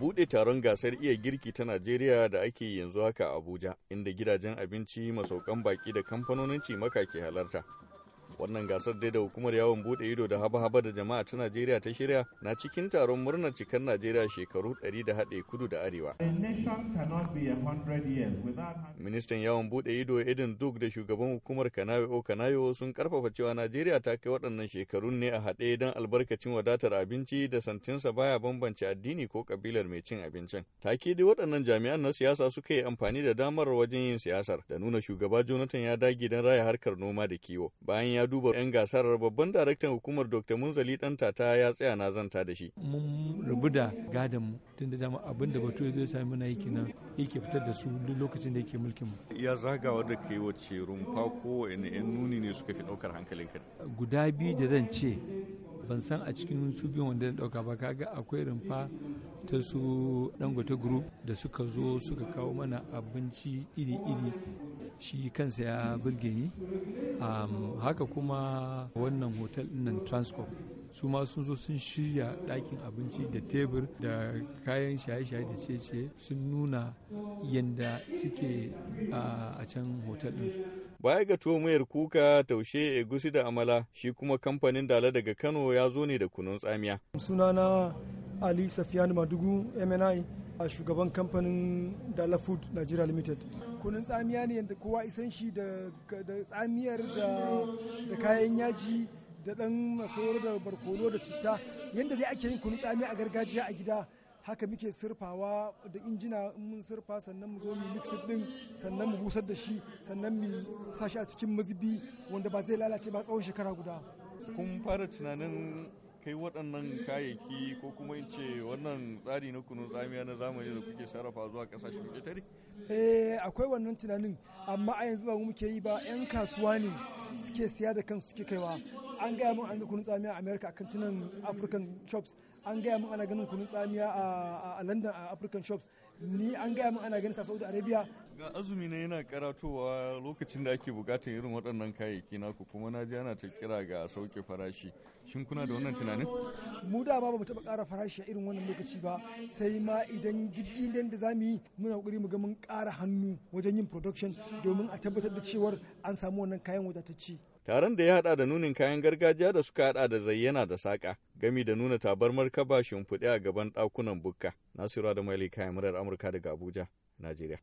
Bude taron gasar iya girki ta Najeriya da ake yanzu haka a Abuja, inda gidajen abinci masaukan baki da kamfanonin cimaka ke halarta. Wannan gasar dai da hukumar yawon bude ido da haba-haba da jama'a ta Najeriya ta shirya na cikin taron murnar cikar Najeriya shekaru 100 da haɗe kudu da arewa. Ministan yawon bude ido Edin Duk da shugaban hukumar Kanawe O Kanayo sun karfafa cewa Najeriya ta kai waɗannan shekarun ne a haɗe don albarkacin wadatar abinci da santinsa baya bambance addini ko kabilar mai cin abincin. Take dai waɗannan jami'an na siyasa suka yi amfani da damar wajen yin siyasar da nuna shugaba Jonathan ya dage don raya harkar noma da kiwo. Bayan ya duba 'yan gasar babban daraktan hukumar Dr. Munzali tata ya tsaya na zanta da shi. Mun rubu da gadon mu tun da dama abin da batu zai sami mana yake na yake fitar da su duk lokacin da yake mulkin mu. Ya zagawa da kai wacce rumfa ko yan nuni ne suka fi ɗaukar ka Guda biyu da zan ce ban san a cikin su biyan wanda zan ɗauka ba kaga akwai rumfa ta su dangote group da suka zo suka kawo mana abinci iri-iri shi kansa ya burge ni haka kuma wannan hotel nan transcorp su ma sun zo sun shirya ɗakin abinci da tebur da kayan shaye-shaye da ciye-ciye sun nuna yadda suke a can hotel ɗinsu baya ga tuwo mayar kuka taushe egusi da amala shi kuma kamfanin dala daga kano ya zo ne da kunun tsamiya sunana ali safiyanu madugu mni a shugaban kamfanin Dala Food Nigeria Limited. Kunun tsamiya ne yadda kowa isan shi da tsamiyar da kayan yaji da ɗan masoyar da barkono da citta yadda dai ake yin kunun tsamiya a gargajiya a gida haka muke surfawa da injina mun surfa sannan mu zo mu mix din sannan mu busar da shi sannan mu sa a cikin mazubi wanda ba zai lalace ba tsawon shekara guda. Kun fara tunanin kai waɗannan kayayyaki ko kuma in ce wannan tsari na kunun tsamiya na zamani da kuke sarrafa zuwa ƙasashen ƙetare? Eh akwai wannan tunanin amma a yanzu ba mu muke yi ba 'yan kasuwa ne suke siya da kansu suke kaiwa an gaya mun an ga kunun tsamiya a America a kantinan African shops an gaya mun ana ganin kunun tsamiya a London a African shops ni an gaya mun ana ganin sa Saudi Arabia ga azumi ne yana karatowa lokacin da ake bukatar irin waɗannan kayayyaki naku kuma na ji ana ta kira ga sauke farashi shin kuna da wannan tunanin mu da ba mu taɓa ƙara farashi a irin wannan lokaci ba sai ma idan diddinden da zamu yi muna kokari mu ga mun ƙara hannu wajen yin production domin a tabbatar da cewar an samu wannan kayan wadatacce taron da ya hada da nunin kayan gargajiya da suka hada da zayyana da saƙa gami da nuna tabarmar kaba shimfiɗe a gaban ɗakunan bukka nasiru da mali kayan murar amurka daga abuja najeriya